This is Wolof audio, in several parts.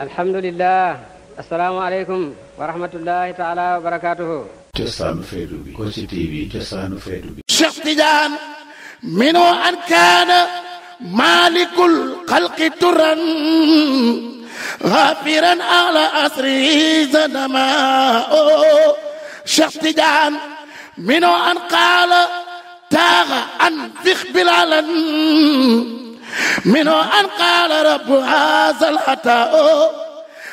alhamdulillah asalaamaaleykum wa rahmatullahi taala wa barakaatuhu cosaanu feetu bi Kossy TV cosaanu feetu bi Cheikh Tidiane minu an kaana maalikul xalqi turan xaafiran ala asri zanama o Cheikh Tidiane minu an qaala taaxa an fix bilalan منو أن قال رب هذا العطاء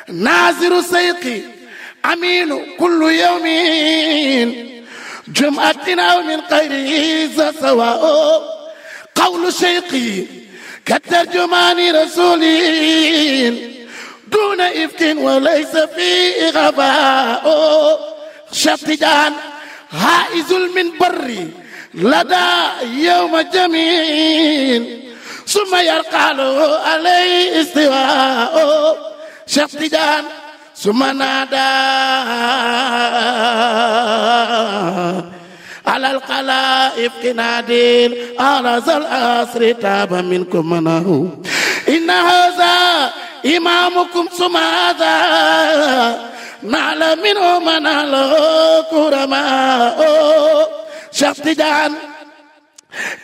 ناظر سيقي أمين كل يوم جمعة أو من غيره سواء قول شيقي كالترجمان رسولين دون إفك وليس فيه غباء شطجان هائز من بري لدى يوم جميل ثم يرقى له عليه استواء شيخ تجان ثم نادى على القلائف كنادين على ذا الأسر تاب منكم منه إن هذا إمامكم ثم هذا نعل منه منال كرماء شيخ تجان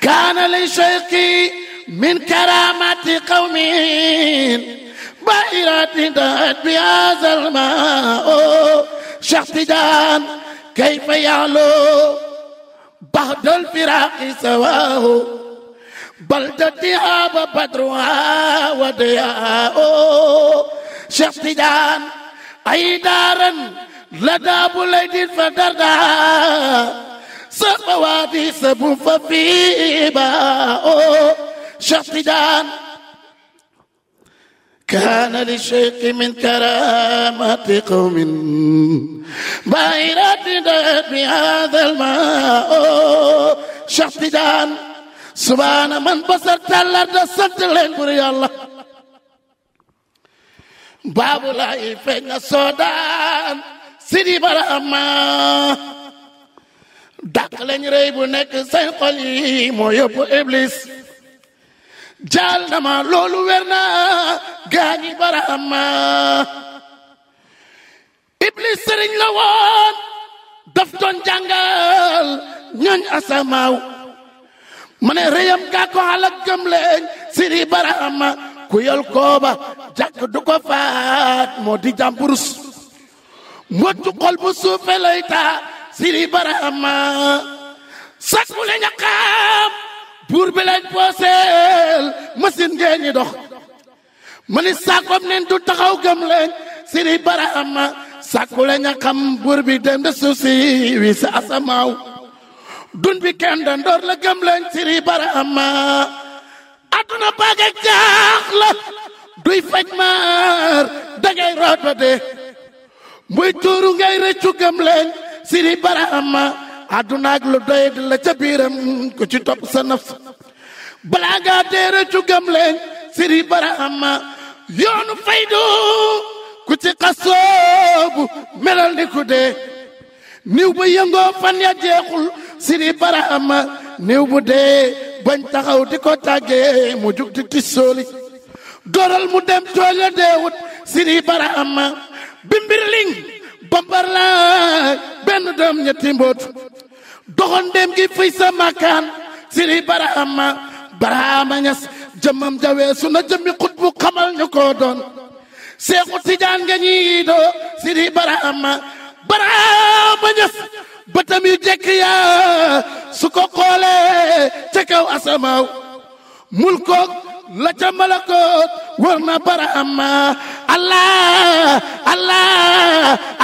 كان لشيخي من كرامة قوم بائرة دهت بهذا الماء شخصيان كيف يعلو بعد الفراق سواه بلدتها وبدرها ودياء شخصيان أي دارا لدى بليد فدردها سبواتي سبو ففي باء شطدان كان للشيخ من كرامة قوم بائرات بهذا الماء شطدان سبحان من بصرت الأرض صدت لنقر يا الله باب لا فين السودان سيدي برأما داخل ريب نك سين قليم ويبو إبليس jaal na ma loolu wér naa gaañi barama iblis sëriñ la woon daf doon jàngal ñooñ asamaaw ma ne rëyam gaa ko xalak gëm leen siri barama ku yol kooba jàkk du ko faat moo di jàmburus mbottu xol bu suufe lay taa siri barama sakku le ñaqaam buur bi lañ pooseel machine ngeen ñi dox mu ni sàkkoom du taxaw gëm leen siri barama sàkku la ña xam buur bi dem de suuf wi sa asamaaw dun bi kenn dandoor la gëm leen siri barama adduna baaga jaax la duy faj maar dangay root ba de muy tuuru ngay rëccu gëm leen siri barama àddunaak lu doye la ca biiram ku ci topp sa nafs balaa ngaa déere cu gëm leen siri barahama yoonu faydu ku ci xasoobu melal ni ku dee niw ba yëngoo fan ya jeexul siri barahama niw bu dee bañ taxaw di ko tàggee mu jug di tissooli dooral mu dem tool ya deewut siri barahama bimbirling bambar benn doom ñetti mbootu doxandéem gi fuy sa makaan siri barahama barahama ñas jëmmam jaweesu na jëmmi xutbu xamal ñu ko doon seexu tijaan nga ñii doo siri barahama barahama ñas bëtam yu jekk yaa su ko xoolee ca kaw asamaaw mulkoog la ca malakoot war na barahama الله الله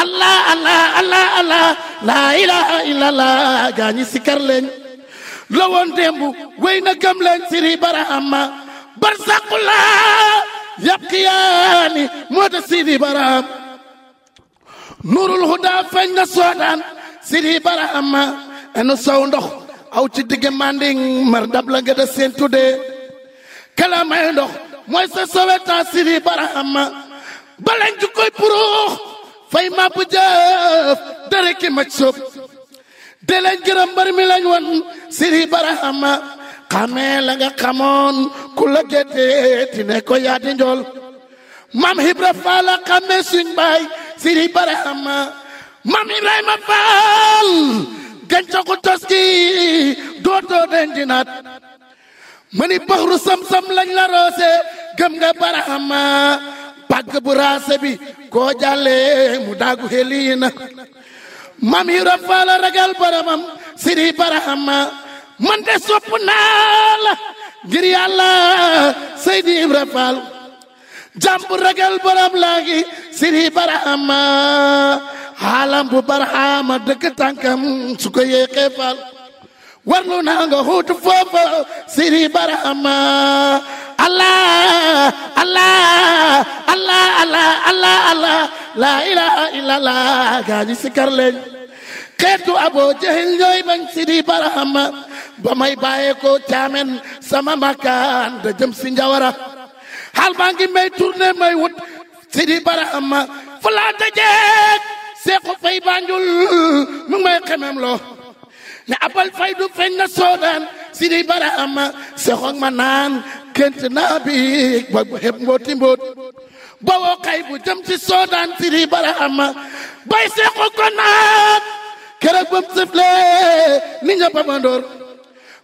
الله الله الله الله لا إله إلا الله غاني سكر لين لو أن ديمبو وين كم لين سيري برهما برزق الله يبقياني موت سيدي برهم نور الهدى فن سودان سيدي برهما أنا سوندخ aw ci digg manding mar dab la nga da seen tuddee kala may ndox mooy sa sowetaa siri barahama balañ ju koy puruux fay màbb jëf dara ki maj soob de gërëm mbër lañ won siri barahama xamee la nga xamoon ku la gétteeti ne ko yaa di njool mam Ibra Faal xamee suñ baay siri barahama mam Ibrahima Faal gàncaxu tos gi dootoo den dinaat mani baxru sam-sam lañ la roose gëm nga barahama pagg bu raase bi koo jàllee mu daagu heliina mam faala ragal boromam siri barahama man de sopp naa la ngir yàlla seydi ibra faal ragal borom laa ngi siri barahama xaalam bu barahama dëkk tànkam su ko yéexee faal warlu naa nga xuutu foofa siri barahama allah allah allah allah allah laa ilaha illallah gaa ñi sikkar leen xeetu jahil ñooy bañ sidi barahama ba may bàyyee ko caamen sama makaan da jëm njawara xaal baa ngi may tourné may wut sidi barahama fu laa dajeek seexu fay banjul mu may xemem loo ne abal fay du feñ na soodaan sidi barahama seexoog ma naan kent naa bi ba xeb mbooti mboot bawoo kay bu jëm ci soodaan siri bara ama bay seexu ko naat keroog bam sëfle ni nga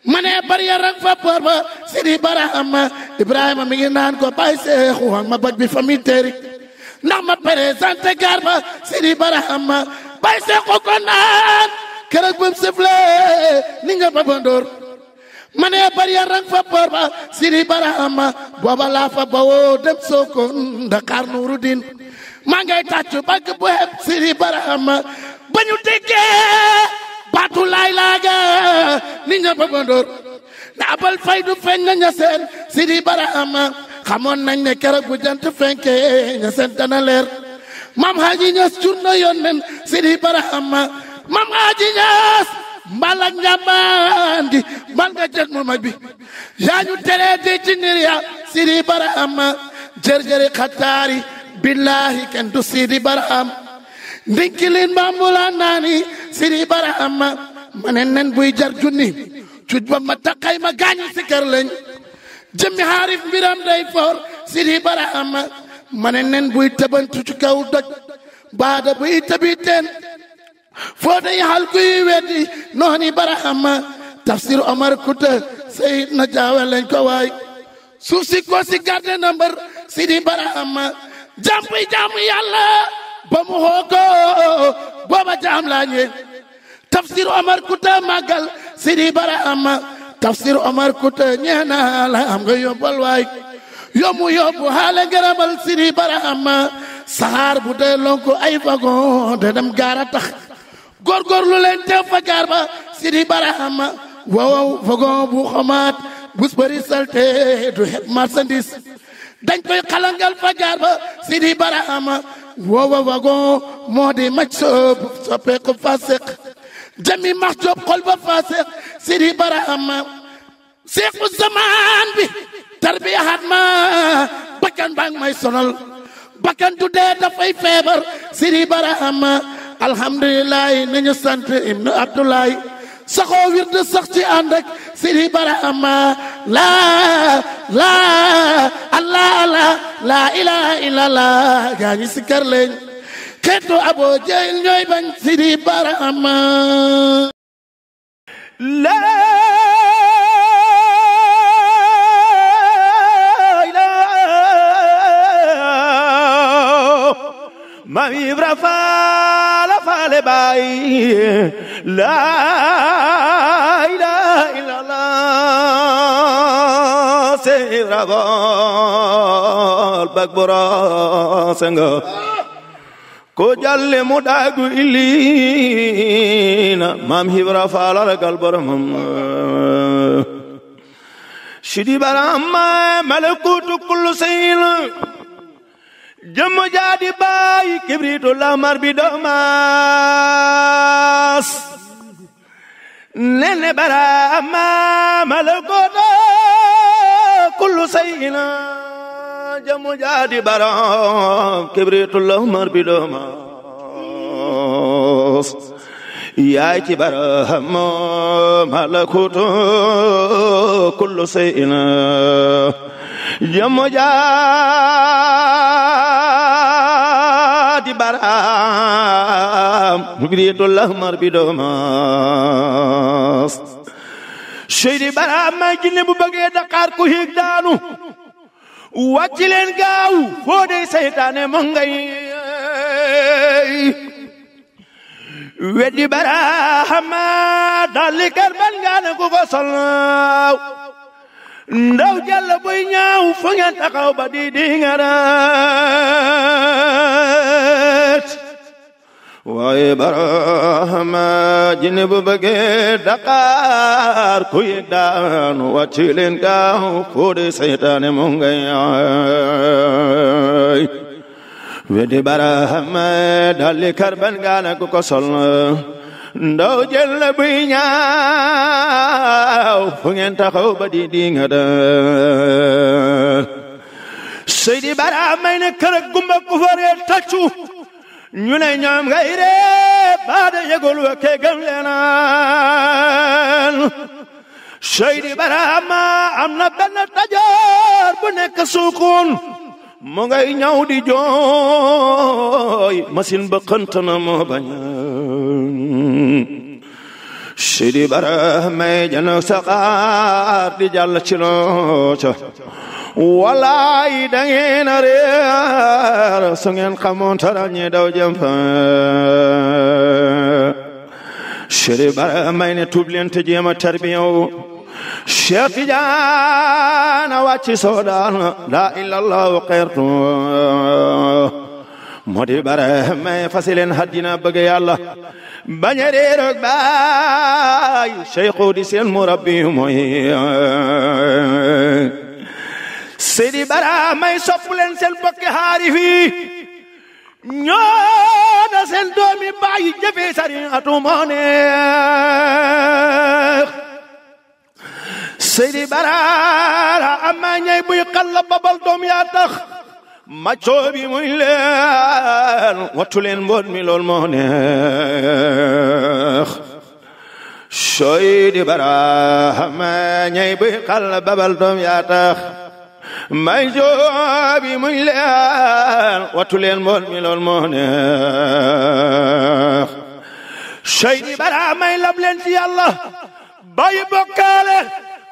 ma ne bari ya rak fa por ba bara ama ibrahima mi ngi naan ko bay seexu ak ma baj bi famille teeri ndax ma présenté gar ba siri bara ama bay seexu ko naat keroog bam sëfle ni nga ma ne bariya rang fa booba siri barahama booba laa fa bawoo dem Sokone Dakar nuuru din maa ngay tàccu bagg bu heb siri barahama ba ñu déggee baatu laay laaga nit ña bëggandoor na abal faydu feeñ na ña seen siri xamoon nañ ne keroog bu jant fenke ña seen dana leer maam haaji ñas jur na yoon nen siri barahama maam haaji ñas mbala njambaan gi mbal nga jët mu maj bi yaa ñu teree di ci ngir ya sidi baraam jërjëri xataari billahi kenn du sidi baraam ndinkilin bambulaan naani sidi baraam ma ne buy jar junni cuj ba ma takkay ma gaañu sikar lañ jëmmi xaarif mbiram day foor sidi baraam ma ne buy tëbantu ci kaw doj baada buy tëbi foota yi hal kuy weddi nooni barahama tafsir omar kuta sayid na jaawa lañ ko waay suuf si ko si na mbër sidi barahama jampuy jaamu yàlla ba mu xoo booba jaam laa tafsir omar kuta màggal sidi barahama tafsir omar kuta ñeena la am nga yóbbal waay yóbbu yóbbu xaale ngërëmal sidi barahama saxaar bu dee lonku ay wagon de dem gaara tax góorgóorlu leen teew fakaar ba sidi barahama wawaw fagon bu xomaat bus bëri salte du xet marchandise dañ koy xalangal fakaar ba sidi barahama wawaw fagon moo di maj soob soppeeku faseq jami max joob xol ba faseq sidi barahama seexu zamaan bi tarbiyaat ma bakkan baa may sonal bakkan du dee dafay feebar sidi barahama alhamdulilahi nañu sant ibnu abdoulaye saxoo wir sax ci ànd ak sidi barahama laa laa allah allah laa ilaha illallah gaa ñi sikkar leen xeetu aboo jël ñooy bañ sidi barahama laa Mam Ibra Faal আলে বাই রাবল বাকবর সঙ্গ kojalle mo ɗaagu illina mam hibra faalala galbora mam sidi bara amma malakutu kullu seyin jëmm jaadi baay kibritu lamar bi doomaas nene baraama malakoota kullu sayina jëmm jaadi baraam kibritu lamar bi doomaas yaay ci baraama malakoota kullu sayina jëmm jaadi di baraam mugriyatullah marbido mas sey di baraam may jinne bu bëggee daqaar ku hiig daanu wàcc leen gaaw foo dey seytaane mo ngay weddi baraam dalli karbal ngaana ku ko sol ndaw jàll buy ñaaw fu taxaw ba di di ngaraat waaye barahama jinne bu bëggee daqaar ku yëg daan wàcc leen gaaw foo de seytaane mu ngay ay weddi barahama dalli karban gaana ku ko ndaw jël la buy ñaaw fu ngeen taxaw ba di di nga daan Seydi Bara may ne kër gumba ku fare tàccu ñu ne ñoom ngay ree baada yegul wa ke gëm leenaan Seydi Bara ma am na benn tajoor bu nekk suukun mu ngay ñaw di jooy machine ba xënt na moo bañ Sidi Bara may jënd saxaar di jàll ci nooca walaay a réer su ngeen xamoon tara ñi daw jëm fa Sidi Bara may ne tuub te jéem a tarbiyaw Cheikh Tidiane wàcci soo daan la ilaha illallah xeertu moo di bara may fasi haddina bëgg yàlla bañ a réeroog baay cheikhu di seen murabbi mooy sidi bara may sopp leen seen bokki xaari ñoo na doomi baay yi jëfee sari atumoo neex sidi bara ama ñay buy xalla babal doom yaa tax maccoo bi muy leen wattu leen mboot mi lool moo neex sooy di barahama ñay buy xal babal doom yaa tax maccoo bi muy leen wattu leen mboot mi lool moo neex sooy di barahama lam leen ci yàlla bàyyi bokkaale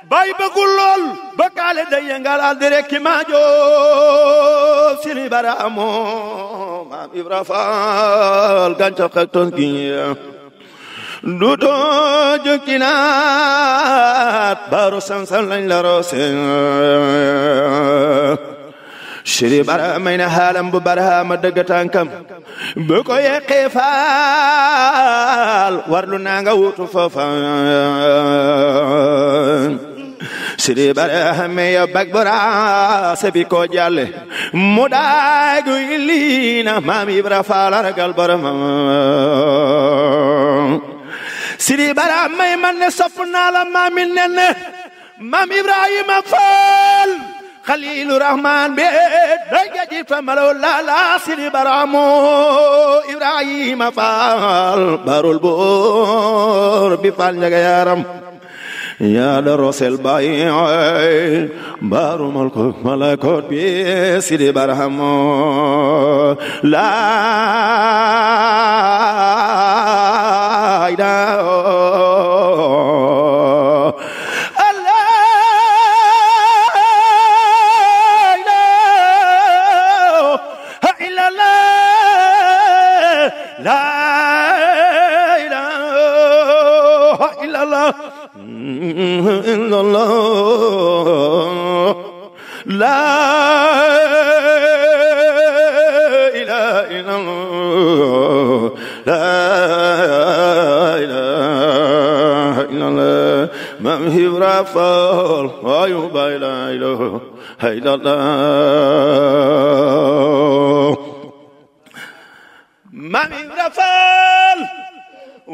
bay bëggul lool bokkaale day yëngal al di rekki maajoo sini bara amoo maam ibra faal gàncax ak toon gi du too jokkinaat baro sansan lañ la roose sini bara may na xaalam bu barahama dëgg tànkam bu ko yeqee faal warlu naa nga wutu foofa Sidi Bara meya bag bara sebi ko jàlle mu daagu ilina maam Ibra Faal ragal boromam Sidi Bara may man ne sopp naa la maami nen maam Ibrahima Faal Xaliilu Rahmaan be doy gaji fa malaw lala Sidi Bara moo Ibrahima Faal barul boor bi Faal ñaga yaram يا دروس البيع بارو ملكك ملكوت بسيدي برهم لا إله الله لا إله إلا الله لا إله إلا الله ما هي رافال ويوبا لا إله إلا الله من رفال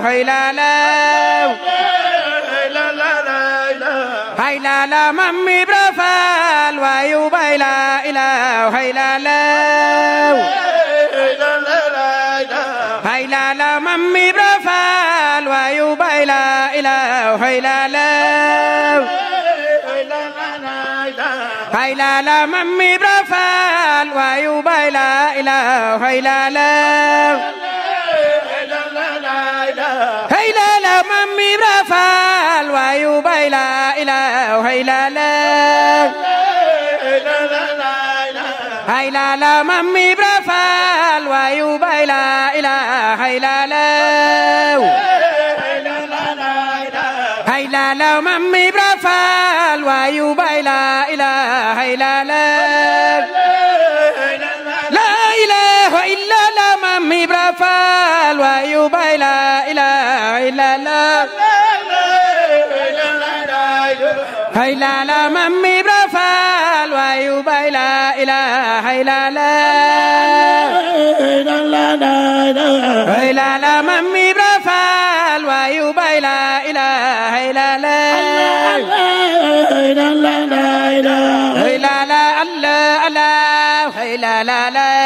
هي لا لا هي لا لا مامي برافال وايو باي لا لا هي لا لا هي لا لا مامي برافال وايو باي لا لا هي لا لا هاي لا لا مامي برافال وايو باي لا لا هاي لا لا هاي لا لا هاي لا لا مامي برافال وايو بايلا إلا هاي لا لا هاي لا لا مامي برافال وايو بايلا إلا هاي لا لا لا إله إلا لا مامي برافال وايو بايلا إلا هاي لا لا هيلا لا ممي برفال وايو بايلا إلا هيلا لا هيلا لا لا ممي برفال وايو بايلا إلا هيلا لا هيلا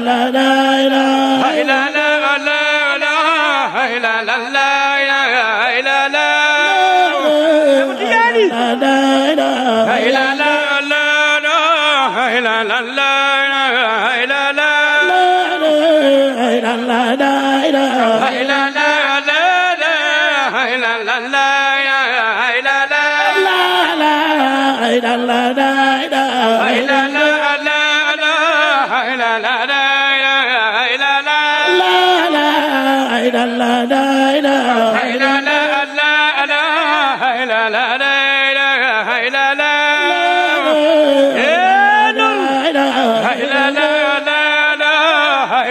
la la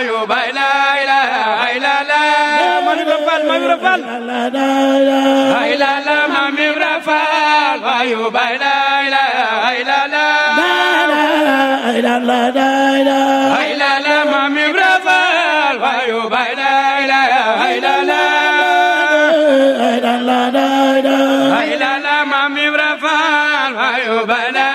ayuba la ilaha illallah mami rafal mami rafal la ilaha illallah mami rafal ayuba la ilaha illallah la ilaha illallah illallah mami rafal ayuba la ilaha illallah la ilaha illallah mami rafal ayuba la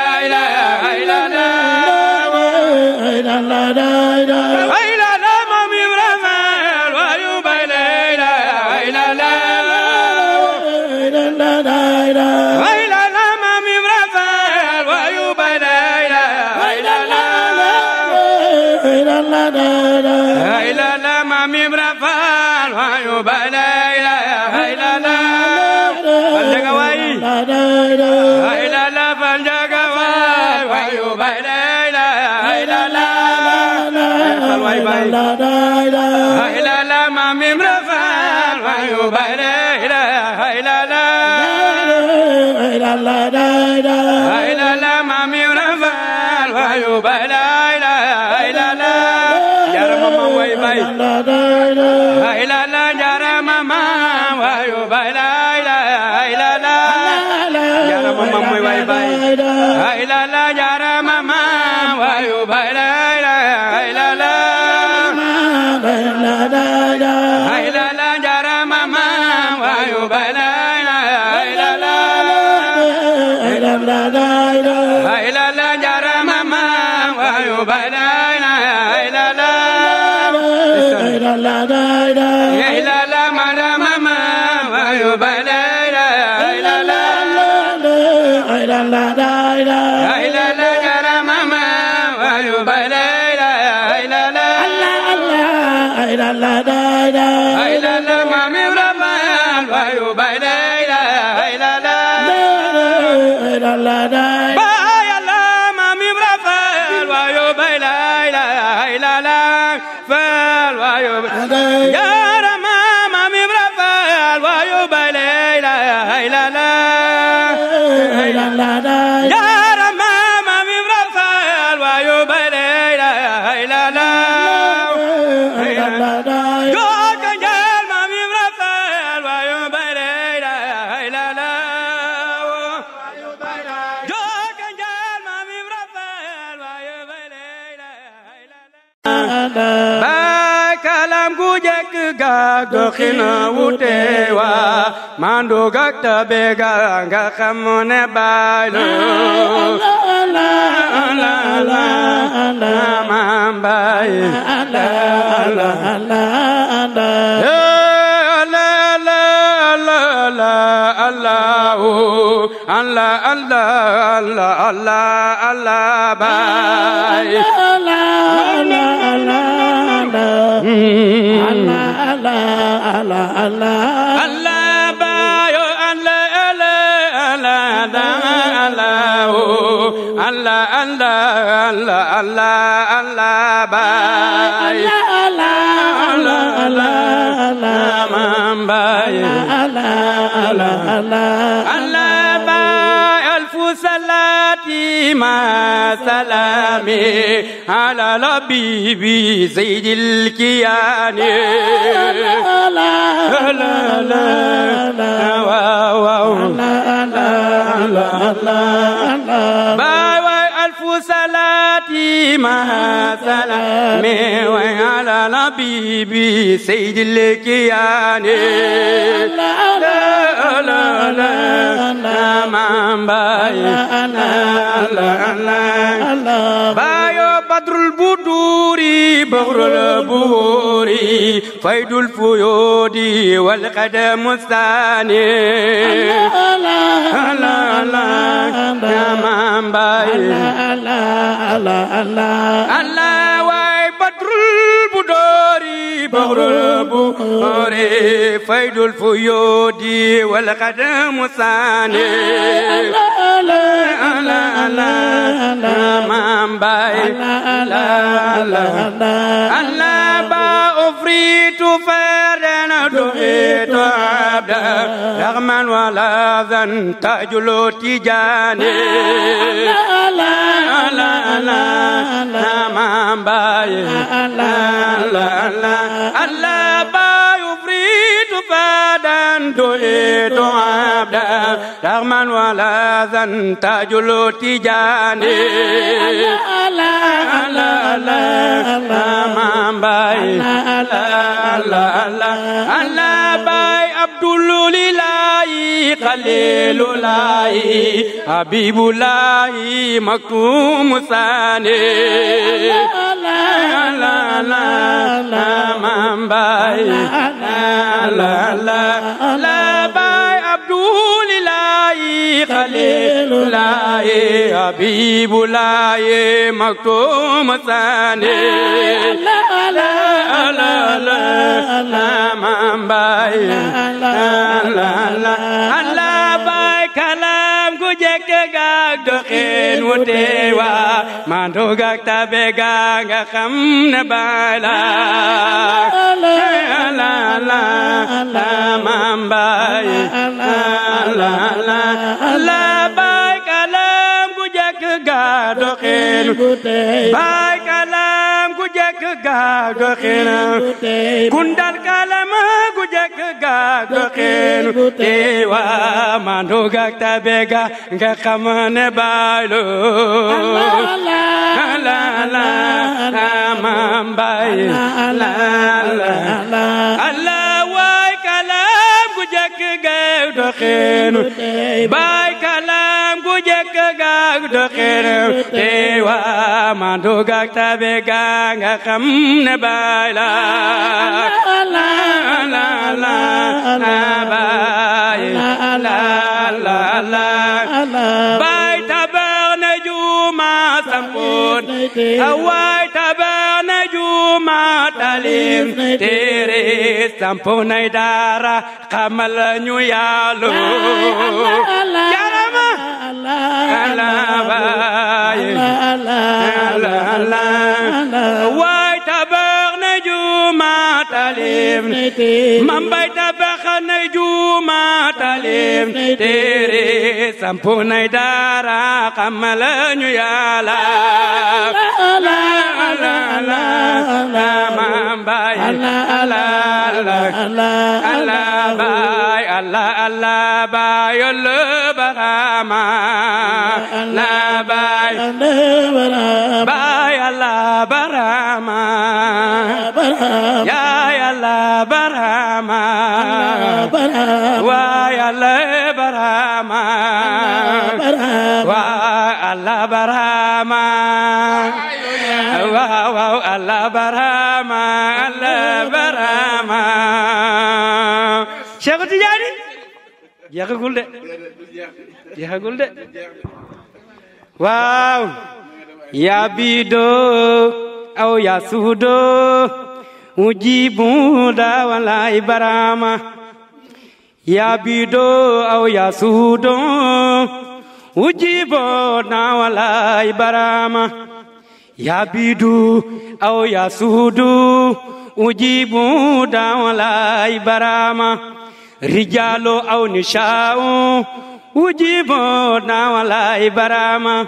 waay baay hay la la maam Ibra Faal waay yu baay la hay la la hay la la hay la la maam Ibra Faal waay yu baay la hay la la jarama maam waay baay hay la la jarama maam waay yu baay la hay la la jarama maam waay baay hay la la la la ga goxina wutewa mando ga tabe ga nga xam ne baylo la la la la mambay la la la la Allahu Allah Allah Allah Allah Allah bay Allah Allah Allah Allah Allah Allah Allah ba yo Allah Allah Allah Allah Allah Allah Allah Allah Allah ba Allah Allah Allah Allah Allah mamba Allah Allah Allah Allah ba alfu salat ما سلامي على لبيبي زيد الكيان لا لا لا لا لا لا لا لا باي باي ألف صلاتي ما سلامي وعلى لبيبي سيد الكيان لا لا la la la maam baay la la la baayo badrul wal qadamu saani la la la la la maam baay la la la المغرب قري فيد الفيود والقدم ثاني لا لا لا لا من باي لا لا لا لا أفريت فيد دعيت عبدا رغما ولا ذن تأجل تجاني لا لا لا لا لا ما باي لا لا لا لا باي فريد باي من تريد عبدا رغما ولا ذن تاج التجاني لا لا لا لا ما باي لا لا لا لا abdululilahi xalilulahi habibulahi maktumu sane la la la la mambay la la la bay abdul خليل الله حبيب الله مكتوم ثاني لا لا لا لا لا من باي لا لا لا لا باي كلام tewa mandoga tabega nga khamna bala la la la la mambai la la la la bai kalam gujak ga dokhel bai kalam ga doxina kundal kalama gu jekk ga doxinu teewa mandu ga tabe ga nga xam ne baylo la la la la mam bay la la la way kalam gu jekk ga doxinu bay ak la tabax na juuma sampoon awaay tabax na juuma talim téere sampoon nay daara xamal ñu yàlla mam bay tabax nay juuma talim téere sampu nay daara xamal ñu Yàlla la la la mam bay la la la bay la la bay yollu barama la bay bay Allah barama ya Allah barama wa ya Allah barama wa Allah barama wa wa Allah barama Allah barama Cheikh Tidiane jeexagul de jeexagul de waaw yaa biidoo aw yaa suudoo mujiibu daawalay baraama yaa biidoo aw yaa suudoo mujiibu daawalay baraama yaa aw yaa suudoo mujiibu baraama rijaalo aw nishaa'u وجيبوا ناولا إبراما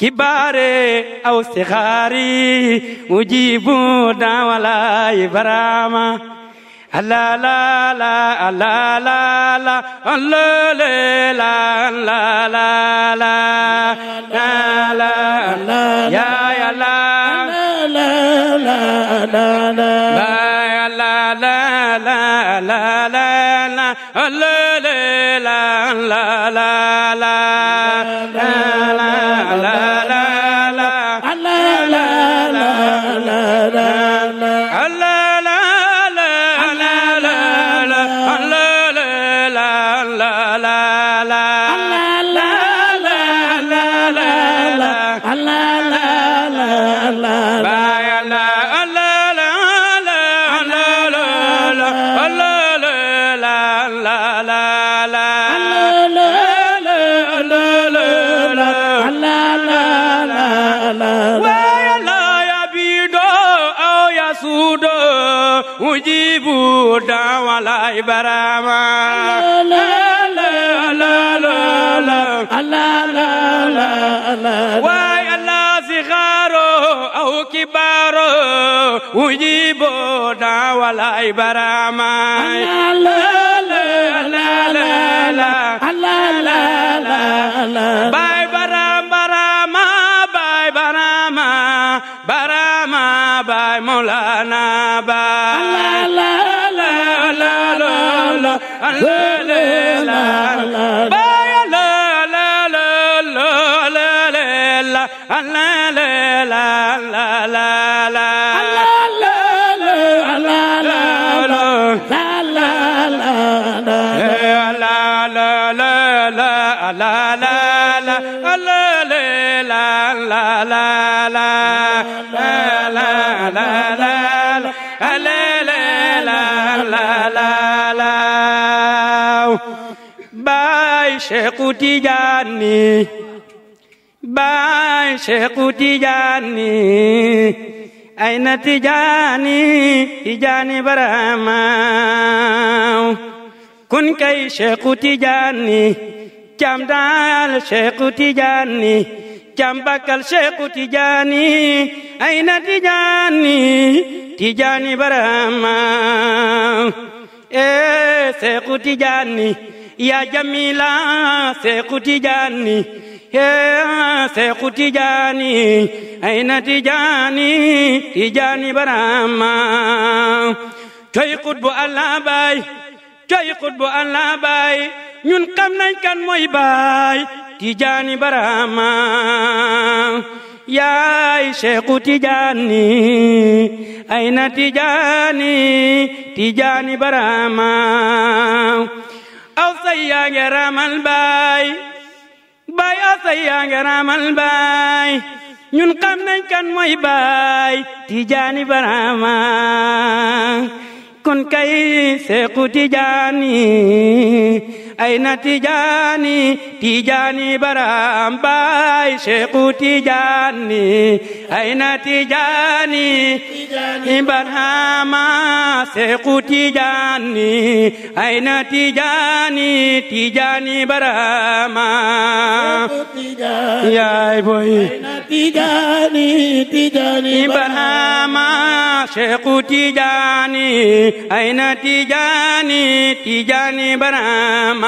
كباري أو صغاري وجيبوا ناولا إبراما لا لا لا لا لا لا لا لا لا لا لا لا لا لا يا يا لا لا لا لا لا لا لا لا لا لا لا la la বালাই বারামায় বাই বারাম বারামা বাই বারামা বারামা বাই মোলানা বা লা লা লা লা লা লা kuti Seexu Tijaan baay Seexu Tijaan ay na Tijaani Tijaani barama kun kai she kuti jani cham dal she kuti jani cham bakal she kuti jani aina ti jani ti jani barama e se kuti jani yaa jamila seexu tijaani yaa seexu tijaani ayna tijaani tijaani baraama coy xutbu allah baay coy xutbu allah baay ñun xam nañ kan mooy baay tijaani baraama yaay Seexu Tijaani ayna Tijaani Tijaani Barama aw say yaa ngi raamal baay baay aw say yaa ngi raamal baay ñun xam nañ kan mooy baay tijaani baraama kon kay seexu tijaani أين تجاني تجاني برام باي شيخ تجاني أين تجاني تجاني برام شيخ تجاني أين تجاني تجاني برام يا بوي تجاني تجاني برام شيخ تجاني أين تجاني تجاني برام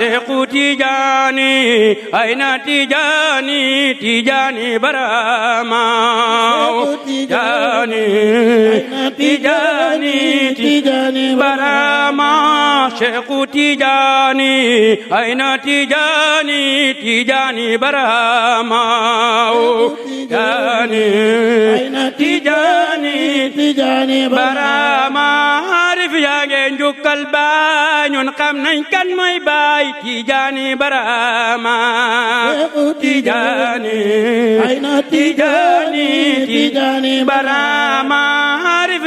seexu aina ay na tijaani tijaani baramaaw tijaani barama tu Tijaani ayna Tijaani Tijaani Tijaani ayna Tijaani Tijaani Barhama xam nañ kan mooy baay Tijaani Barhama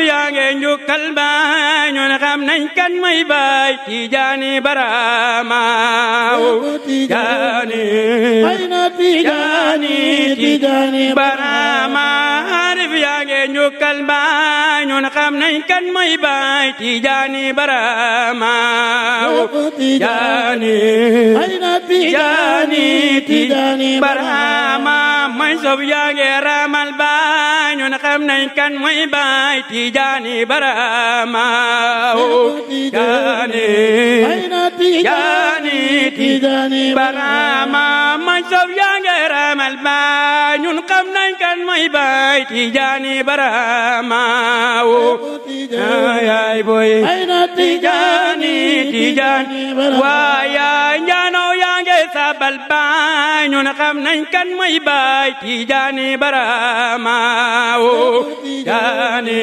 yaa nge njukkal baay ñu ne xam nañ kan mooy baay tijaani baramaaw tijaani tijaani tijaani baramaaw biiru kalba ñun xam nañ kan mooy baay tijaani barama tijaani tijaani tijaani barama mooy sob yaa ngi ramal baay ñun xam nañ kan mooy baay tijaani barama tijaani tijaani barama amal baay ñun xam nañ kan mooy baay tijaani baramaawo yaay boy ayna tijaani tijaani waa yaay njaanoo yaa nge sabal baay ñun xam nañ kan mooy baay tijaani baramaawo tijaani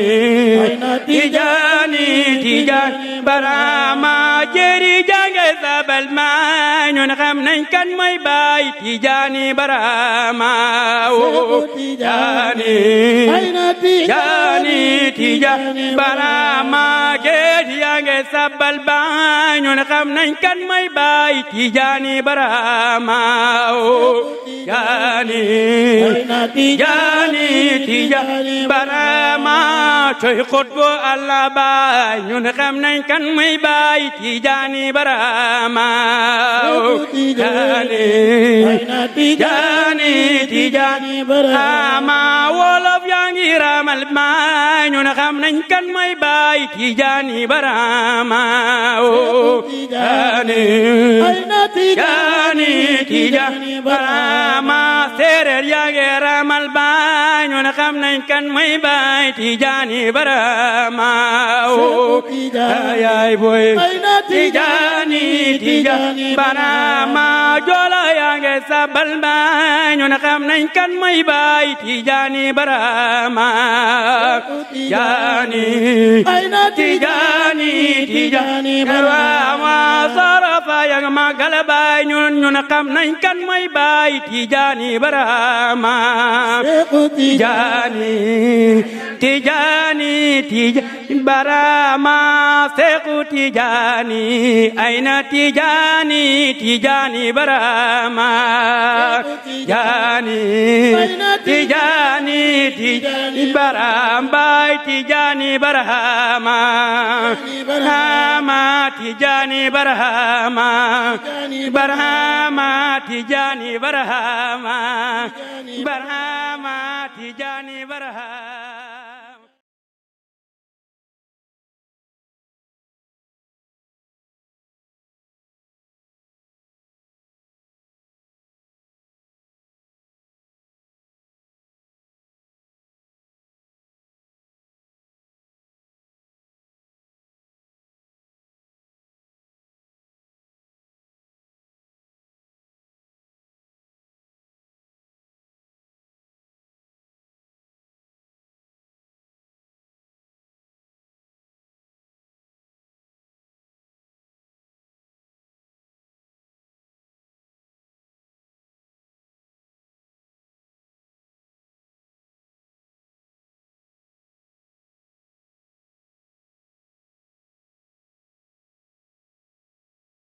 tijaani tijaani baramaa jeri jange sabal maa ñun xam nañ kan mooy baay Tijaani Barama woo Tijaani Tijaani Tijaani Barama géej yaa ngi sa ลบายนกครนั่นกันไม่บายกี่ยานีบรามายานียานีที่ยานีบรามาช่วยกดบัวอัลลาบายนกครนั่นกันไม่บายกี่ยานีบรามายานียานีที่ยานีบรามาวอวลบยังอีรามัลบายนะคำนั้นกันไม่บายที่ยานีบรามา o tijaani ay na tijaani tijaani barama séeréer yaa ngi raamal baay ñu xam nañ kan mooy baay tijaani barama yaay boy tijaani tijaani joola yaa ngi sabal baay ñu xam nañ kan mooy baay tijaani barama tijaani tijaani tijaani barama faaya nga màggal baay ñun ñu na xam nañ kan mooy baay tijaani baraama tijaani tijaani tijaani Barama Seexu Tijaani ayna Tijaani Tijaani Barama Tijaani Tijaani Tijaani Barama Baay Tijaani Barama Barama Tijaani Barama Barama Tijaani Barama Barama Tijaani Barama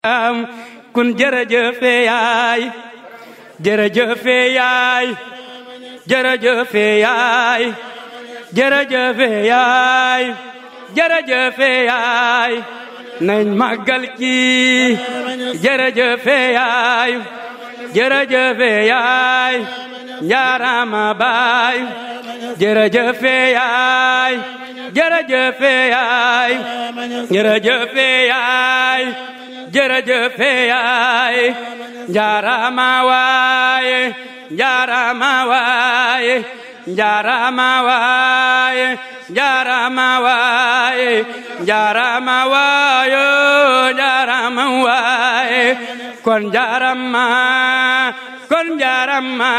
am kun jërëjëfe yaay jërëjëfe yaay jërëjëfe yaay jërëjëfe yaay jërëjëfe yaay nañ màggal kii jërëjëfe yaay jërëjëfe yaay njaaraama baay jërëjëfe yaay jërëjëfe yaay jërëjëfe yaay jërëjëfe yaay njaarama waaye njaarama waaye njaarama waaye njaarama waaye njaarama waayo njaarama kon njaarama kon njaarama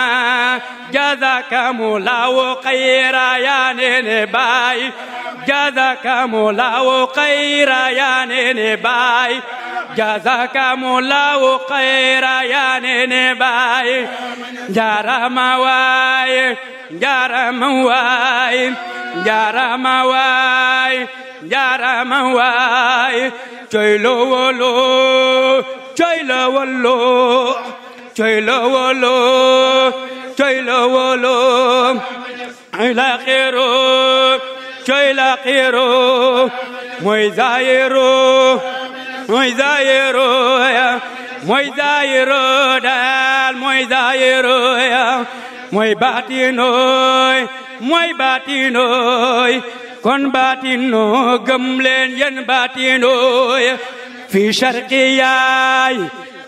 jazakamu lawo xayra yaa nene baay جزاك مولا خير يا باي جزاك مولا خير يا باي جرم واي جرم واي جرم واي جرم واي جيلو ولو جيلو ولو جيلو ولو جيلو ولو على خيرو Chơi Choila Kiro, Moizairo, dài ya. Moizairo, dal, Moizairo, ya. Moi batinoi, moi batinoi, con batino gầm lên yên phi ai,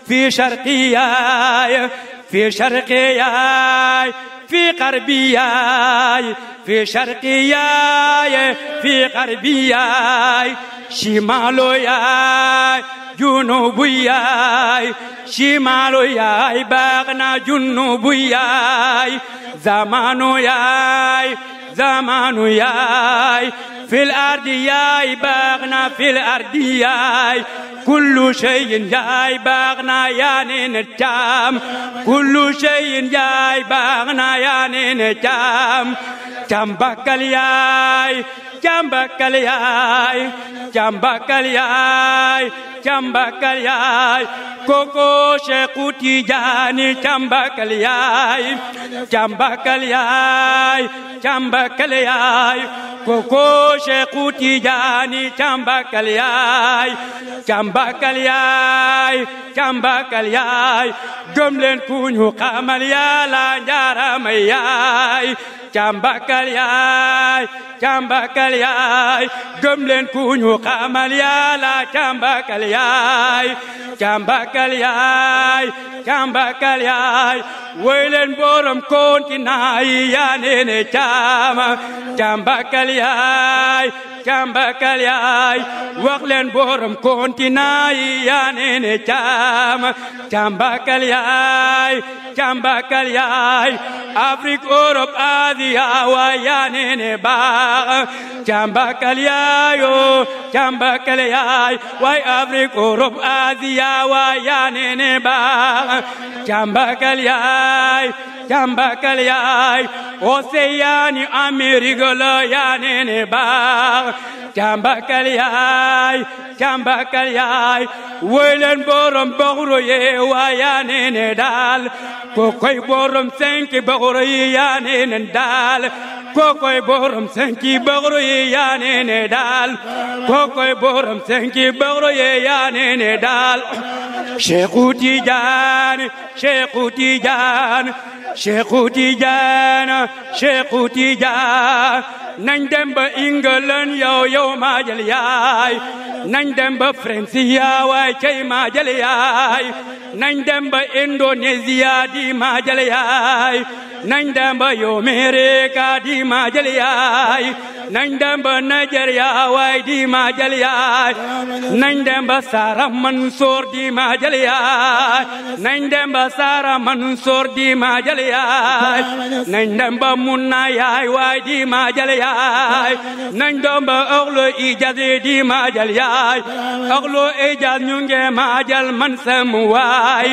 phi sharqiyai, fi ai. في شرقياي في غربياي في شرقياي في غربياي شمالياي جنوبياي شمالياي باغنا جنوبياي زمانياي زمانياي في الأرض يا باغنا في الأرض يا كل شيء يا باغنا يا نتام كل شيء يا باغنا يا نتام تنبكل يا jàmbakal yaay jàmbakal yaay jàmbakal yaay koko Seexu Tijaani jàmbakal yaay jàmbakal yaay jàmbakal yaay koko Seexu Tijaani jàmbakal yaay jàmbakal yaay jàmbakal yaay gëm leen ku ñu xamal xamal yaay gëm ku ñu xamal yàlla càmbakal yaay càmbakal yaay càmbakal yaay woy leen borom continent yaa neene caama càmbakal yaay càmbakal yaay wax leen borom continent yaa neene caama càmbakal yaay càmbakal yaay Afrique Europe Asia wa yaa neene baax jambakaliyayo jambakaliyay way afrique europe asia wayanene ba jambakaliyay jambakaliyay océani amérique lo yanene ba jambakaliyay jambakaliyay waylen borom bogro ye wayanene dal ko koy borom cinq bogro yanene dal kokoy borom senki bagro ye yaane ne dal kokoy borom senki bagro ye yaane ne dal Cheikhu Tijaan Cheikhu Tijaan Cheikhu Tijaan Cheikhu Tijaan nañ dem ba England yow ma jël yaay nañ dem ba France yaa ma jël yaay nañ dem ba di ma jël yaay nañ dem ba yow Amerika di ma jël yaay nañ dem ba Nigeria waay di ma jël yaay nañ dem ba Sara Mansour di ma jël yaay nañ dem ba Sara yaay waay di ma jël yaay nañ dem ba Orlo Ijaz di ma jël yaay Orlo Ijaz ñu ma jël man waay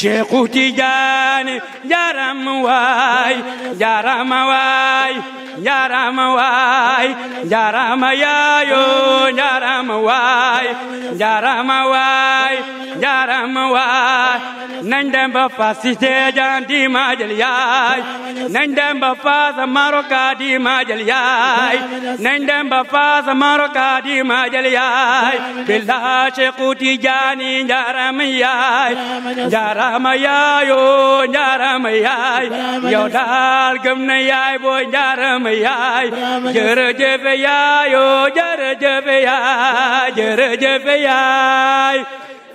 Cheikhu Tijaani jaram waay waay jaaraama waay jaaraama waay jaaraama yaayo jaaraama waay jaaraama waay jaaraama waay nañ dem ba Fass Cissé Diagne di ma jël yaay nañ dem ba Fass Maroka di ma jël yaay nañ dem ba Fass Maroka di ma jël yaay bilaa Seexu Tijaani jaaraama yaay jaaraama yaayo jaaraama yaay yow daal gëm na yaay booy njaarama yaay jërëjëf yaay oo oh, jërëjëf yaay jërëjëf yaay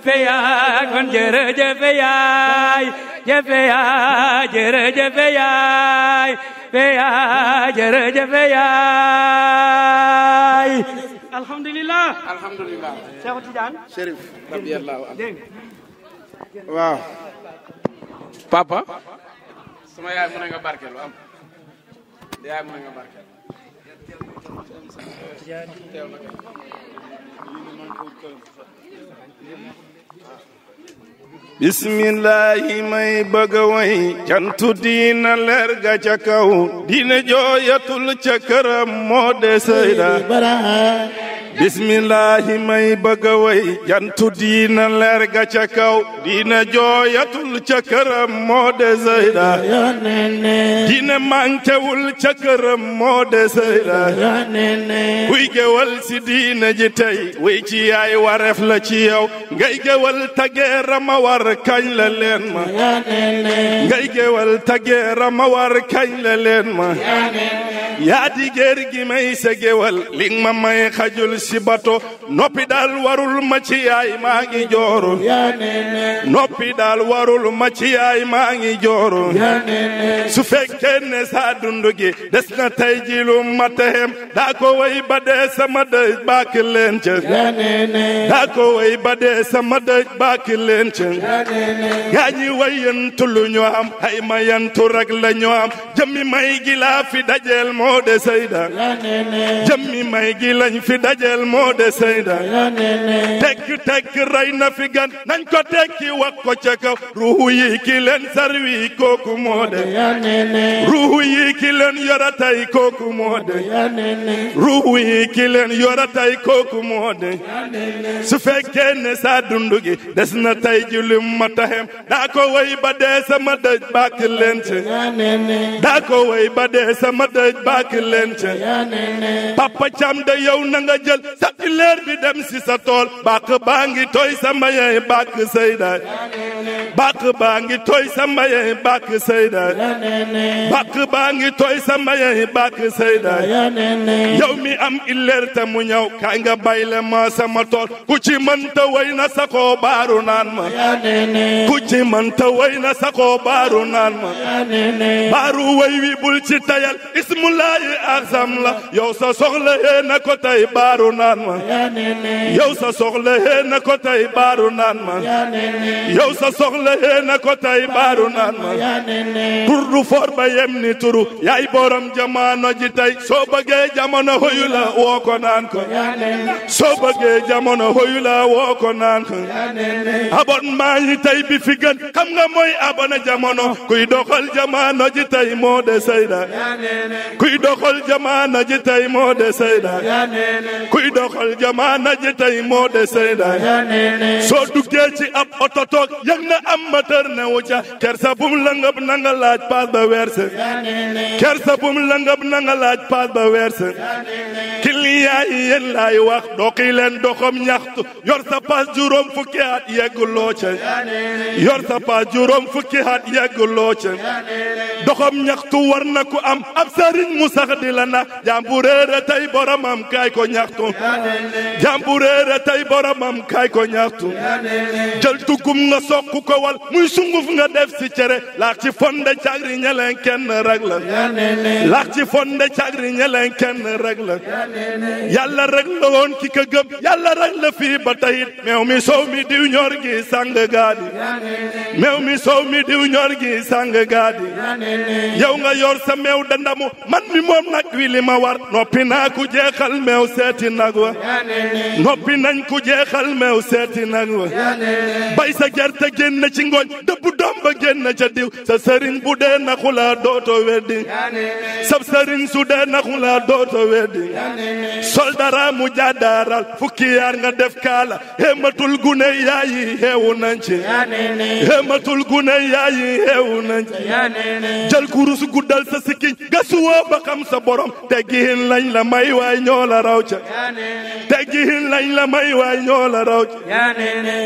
fe yaay kon jërëjëf yaay jëfe yaay jërëjëf yaay fe yaay jërëjëf yaay alhamdulilah alhamdulilah Cheikh Tidiane Chérif rabbi allah waaw papa sama yaay mu may bëgg a way diina leer ca kaw diina jooyatul ca këram moo seyda bismillaahi may bëgga way jantu diina leer ga kaw diina jooyatul ca këram moo diina mànkewul ca këram moo de gewal si diina ji tey ci yaay wareef la ci yow ngay gewal tageera ma kañ la ma ngay gewal tageera ma kañ la ma yaa di may sa gewal ling may xajul si bato noppi ma ci yaay maa ngi jooru noppi maa ngi jooru su fekkee ne saa des na tey ji lu daa ko way ba dee sama dëj baak leen ca way ba ñu am ay ma yantu ñu am jëmmi may gi fi dajeel moo de sayda may gi fi dajeel ngeneel de seyda tekki tekki na fi gan ko tekki wax ko ca kaw ruuhu yi ki leen sarwi kooku moo de ruuhu kooku moo de ruuhu yi de ne saa dundu des na tey ji lim ma taxem daa ko way ba dee sama dëj dee sama leen ci papa cam de yow na jël sa ileer bi dem si sa tool bàq baa ngi tooy sa mbayay bàq seydaay bàq baa ngi tooy sa mbayay bàq seydaay bàq ngi tooy sa mbayay bàq seydaay yow am ileer te mu ñëw kaay nga bayle ma sama tool ku ci mënta way na sa koo baaru naan ma ku ci mënta way na sa koo baaru naan ma baaru way wi bul ci tayal ismulaayi azam la yow sa soxla yee na ko tay baaru baaru naan ma yow sa soxla hee na ko tey baaru naan ma yow sa soxla hee na ko tey baaru naan ma tur du yem ni turu yaay borom jamono ji tey soo bëggee jamono hoyu la woo naan ko soo bëggee jamono hoyu la woo naan ko abonnement yi tey bi fi nga mooy abonné jamono kuy doxal jamono ji tey moo de sayda kuy doxal jamono ji tey moo de sayda kuy doxal jamaana ji tey moo de seyda soo duggee ci ab oto toog yëg na am moteur newu ca kersa bum lëngëb na laaj paas ba werse kersa bum lëngëb na laaj paas ba werse client yi yéen laay wax doxi leen ñaxtu yor sa paas juróom fukki at yegguloo ca yor sa paas juróom fukki at yegguloo ca doxam ñaxtu war na ku am ab sëriñ mu sax di la na jaam bu réere tey boromam kaay ko ñaxtu jambureere tey boromam kaay ko ñaxtu jël nga sokku ko wal muy sunguf nga def si cere laax ci fonde cagri ñeleen kenn rek la laax ci fonde cagri ñeleen kenn rek la yàlla rek la woon ki ko gëm yàlla rek la ba tayit meew mi soow mi diw ñor gi sang gaadi meew mi soow mi diw ñor gi sang gaadi yow nga yor sa meew dandamu man mi moom nag wi ma war noppi naa ku jeexal meew seeti na nag wa noppi nañ ku jeexal meew seeti nag wa bay sa gerte na ci ngooñ dëpp doom ba génn ca diw sa sëriñ bu dee naxu la dooto weddi sa sëriñ su dee naxu la dooto weddi sol dara mu jaadaaral fukki nga def kaala héematul gune yaayi xeewu nañ ci héematul gune yaayi xeewu nañ ci jël kurus guddal sa sikkiñ gasuwoo ba xam sa borom te lañ la may waay ñoo la raw ca teggiin lañ la may waay ñoo la raw ci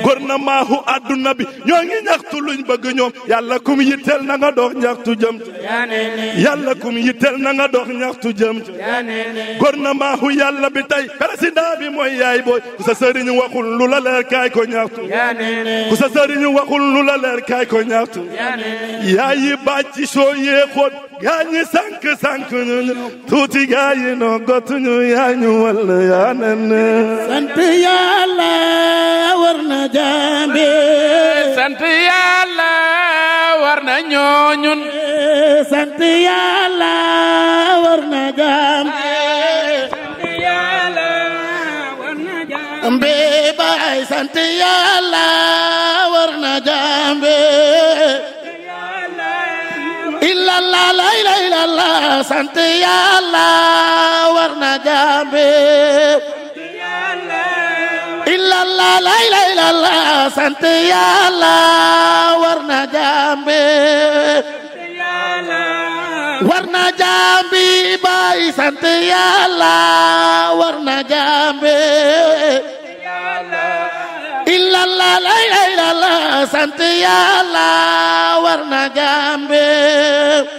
gouvernement hu adduna bi ñoo ngi ñaxtu luñ bëgg ñoom yàlla kum yitteel na nga dox ñaxtu jëm ci yàlla kum yitteel na nga dox ñaxtu jëm ci gouvernement hu yàlla bi tey président bi mooy yaay booy ku sa sëriñ waxul lu la leer kaay ko ñaxtu ku sa sëriñ lu la leer kaay ko ñaxtu yaay yi bàcc soo yéexoon gaa ñi sànq sànq ñu ñu tuuti gaa yi noo gotuñu yaa ñu walla yaa nen sant yàlla war na jaambe sant yàlla war na ñooñun sant yàlla war na jaambe sant yàlla war na jaambe baay sant yàlla la ilaha sant yàlla na jàmbe illallah la ilaha illallah na jàmbe war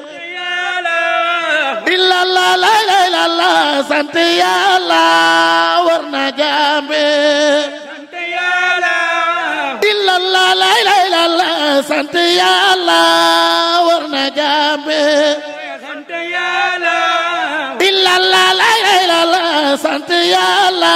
yàlla lay lay lalla sant yàlla war na Gàmbi sant yàlla ilalla lay lay lalla sant yàlla war na Gàmbi sant yàlla ilalla lay lay lalla sant yàlla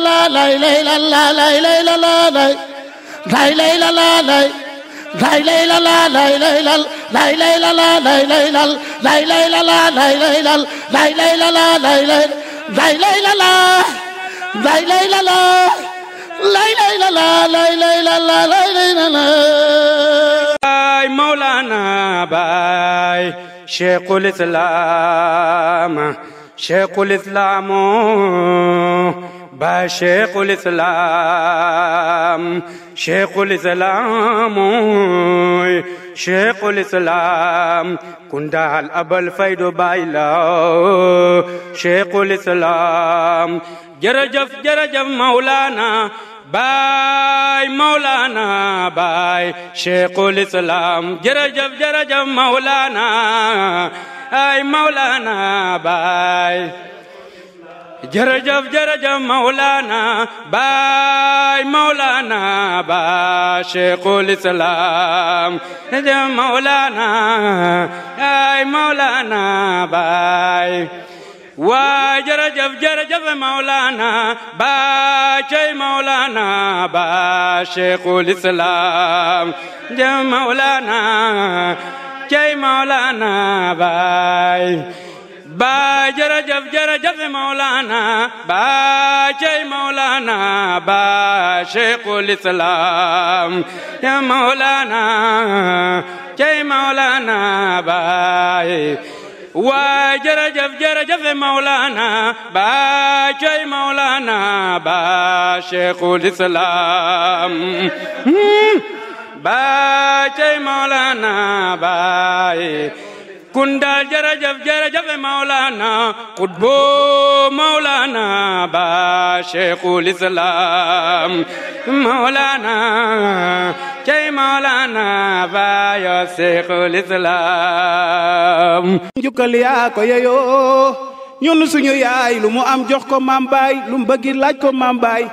la la lay lay la la lay lay la la lay lay lay la la lay lay lay la la lay lay la lay lay la la lay lay la lay lay la la lay lay la lay lay la la lay lay lay lay la la lay lay la la lay lay la la lay lay la la lay lay la la bye maulana bye shaykhul islam شيخ الإسلام بشيخ الإسلام شيخ الإسلام شيخ الإسلام كندا الابل الفيد بايلا شيخ الإسلام جرجف جرجف مولانا باي مولانا باي شيخ الإسلام جرجف جرجف مولانا ay Mawlana baay jërëjëf jërëjëf Mawlana baay Mawlana baay Cheikhul Islam jërëjëf Mawlana ay Mawlana Mawlana baay cey Islam jërëjëf Mawlana cey Mawlana baay baay jërëjëf jërëjëf Mawlana baay cey Mawlana baay Cheikhul Islam ya Mawlana cey Mawlana baay waay jërëjëf jërëjëf Mawlana baay cey Mawlana baay Cheikhul Islam hmm. baay cey mawlana baay kundal jërëjëf jërëjëf mawlana xutbu mawlana baay cheikhul islam mawlana cey mawlana baay yo cheikhul islam yaa ko yeyoo ñun suñu yaay lu mu am jox ko maam baay lu mu laaj ko maam baay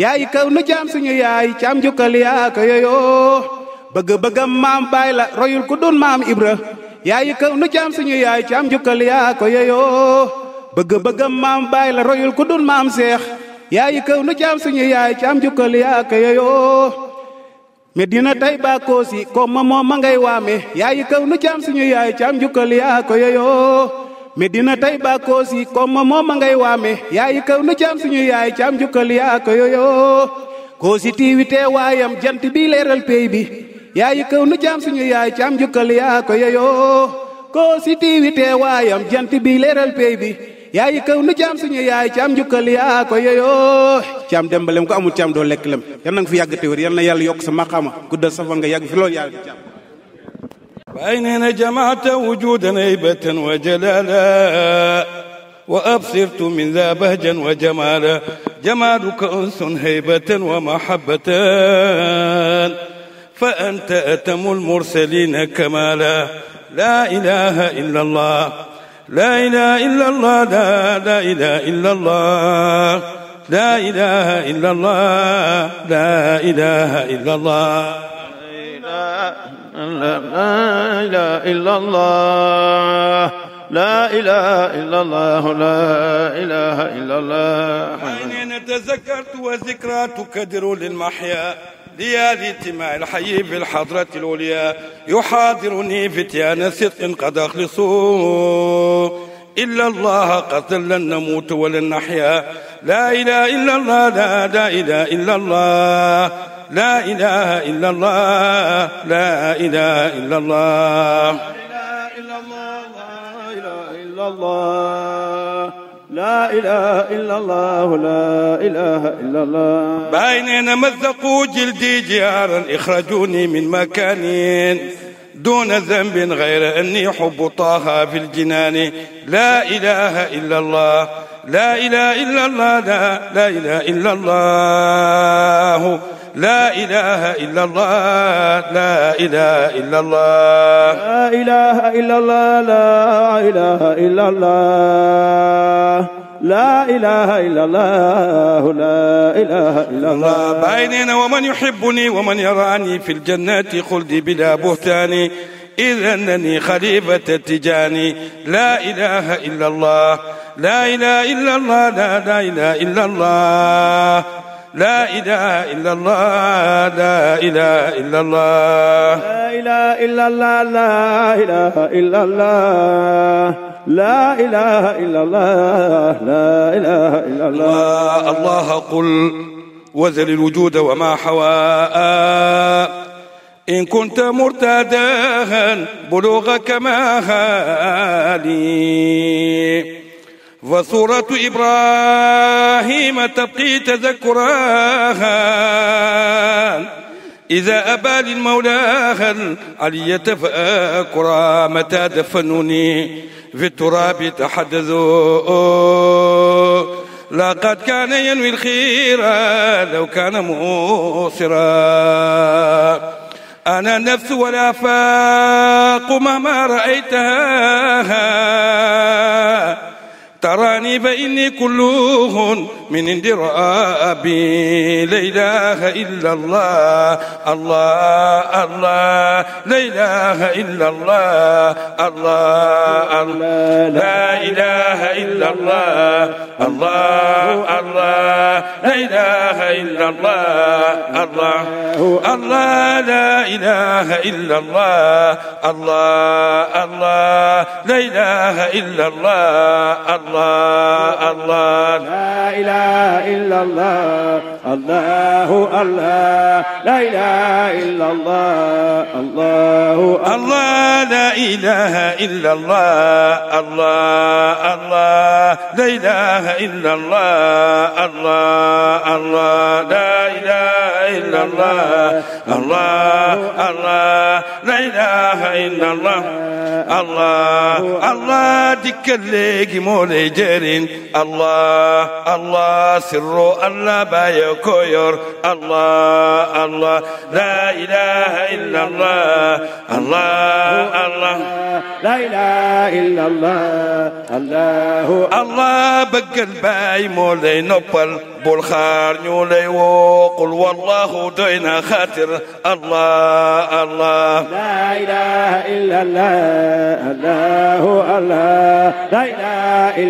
yaay kaw nu jaam suñu yaay caam njukkal yaa ko yooyoo bëgg-bëggam maam baay la royul ku doon maam ibra yaay kaw nu jaam suñu yaay caam njukkal yaa ko yooyoo bëgg-bëggam maam baay la royul ku doon maam seex yaay kaw nu jaam suñu yaay caam njukkal yaa ko yooyoo medina tay baakoosi ko ma moom ma ngay waame yaay kaw nu jaam suñu yaay caam njukkal yaa ko yooyoo Medina tay bakoosi kom ma moom a ngay waame yaayi kaw na caam suñu yaay caam jukkal yaa ko yoyo Kossy TV teewaayam jant bi leeral pey bi yaayi kaw na caam suñu yaay caam jukkal yaa ko yoyo Kossy TV teewaayam jant bi leeral pey bi yaayi kaw na caam suñu yaay caam jukkal yaa ko yoyo caam dembalem ko amul caam doo lekk lem yal na nga fi yàgg te wér yal na yokk sa maqaama guddal sa fan nga yàgg fi loolu yàlla di caam فأينهن جمعت وجودا هيبة وجلالا وأبصرت من ذا بهجا وجمالا جمالك أنس هيبة ومحبة فأنت أتم المرسلين كمالا لا إله إلا الله لا إله إلا الله لا لا إله إلا الله لا إله إلا الله لا إله إلا الله لا إله إلا الله لا إله إلا الله لا إله إلا الله عيني تذكرت وذكرى تكدر للمحيا ليالي اجتماع الحي بالحضرة العليا يحاضرني فتيان صدق قد أخلصوا إلا الله قد لن نموت ولن نحيا لا إله إلا الله لا إله إلا الله لا إله إلا الله لا إله إلا الله لا إله إلا الله لا إله إلا الله لا إله إلا الله بعينين مزقوا جلدي جيارا اخرجوني من مكاني دون ذنب غير أني حب طه في الجنان لا إله إلا الله لا إله إلا الله لا, لا إله إلا الله لا إله إلا الله لا إله إلا الله لا إله إلا الله لا إله إلا الله لا إله إلا الله لا إله إلا الله بعيننا ومن يحبني ومن يراني في الجنة خلدي بلا بهتان إذ أنني خليفة تجاني لا إله إلا الله لا إله إلا الله لا إله إلا الله لا إله إلا الله لا إله إلا الله لا إله إلا الله لا إله إلا الله لا إله إلا الله لا إله إلا الله الله قل وذل الوجود وما حواء إن كنت مرتدا بلوغك ما هالي وصورة إبراهيم تبقي تذكراها إذا أبى هل علي تفاكرا متى دفنوني في التراب تحدثوا لقد كان ينوي الخير لو كان موصرا أنا النفس والآفاق مهما رأيتها تراني فإني كله من عند ربي لا إله إلا الله الله الله لا إله إلا الله الله الله لا إله إلا الله الله الله لا إله إلا الله الله الله لا إله إلا الله الله الله لا إله إلا الله الله الله الله لا إله إلا الله الله الله لا إله إلا الله الله الله لا إله إلا الله الله الله لا إله إلا الله الله الله لا إله إلا الله الله الله لا إله إلا الله الله الله دك اللي مولي جر الله الله سر الله بايكوير الله الله لا إله إلا الله الله الله لا إله إلا الله الله الله بقل باي مولي نقبل بالخار نولي وقل والله دينا خاطر الله الله لا إله إلا الله الله الله لا إله إلا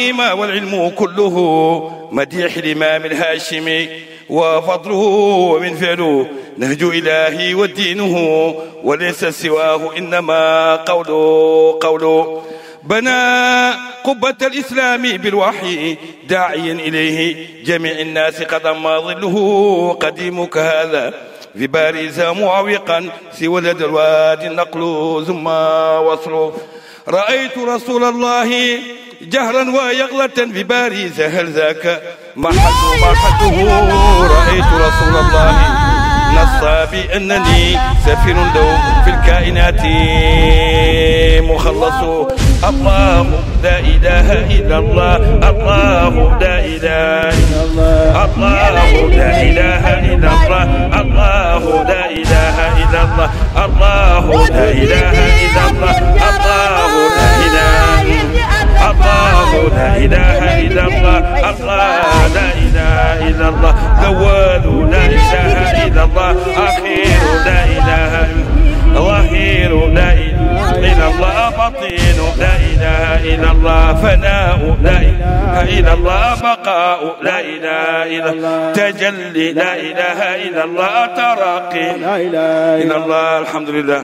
عظيما والعلم كله مديح الإمام الهاشمي وفضله ومن فعله نهج إلهي ودينه وليس سواه إنما قوله قوله بنى قبة الإسلام بالوحي داعيا إليه جميع الناس قد ما ظله قديمك هذا في باريس معوقا سوى ولد الوادي النقل ثم وصله رأيت رسول الله جهرا ويغلة في باريس هل ذاك مرحته مرحته رأيت رسول الله نص بأنني سفير دوم في الكائنات مخلص الله لا إله إلا الله الله لا إله إلا الله الله لا إله إلا الله الله لا إله إلا الله الله لا إله إلا الله الله لا إله إلا الله الله لا إله إلا الله الله لا إله إلا الله جواد لا إله إلا الله أخير لا إله ظهير لا إله إلا الله بطين لا إله إلا الله فناء لا إله إلا الله بقاء لا إله إلا الله تجلي لا إله إلا الله ترقي لا إله إلا الله الحمد لله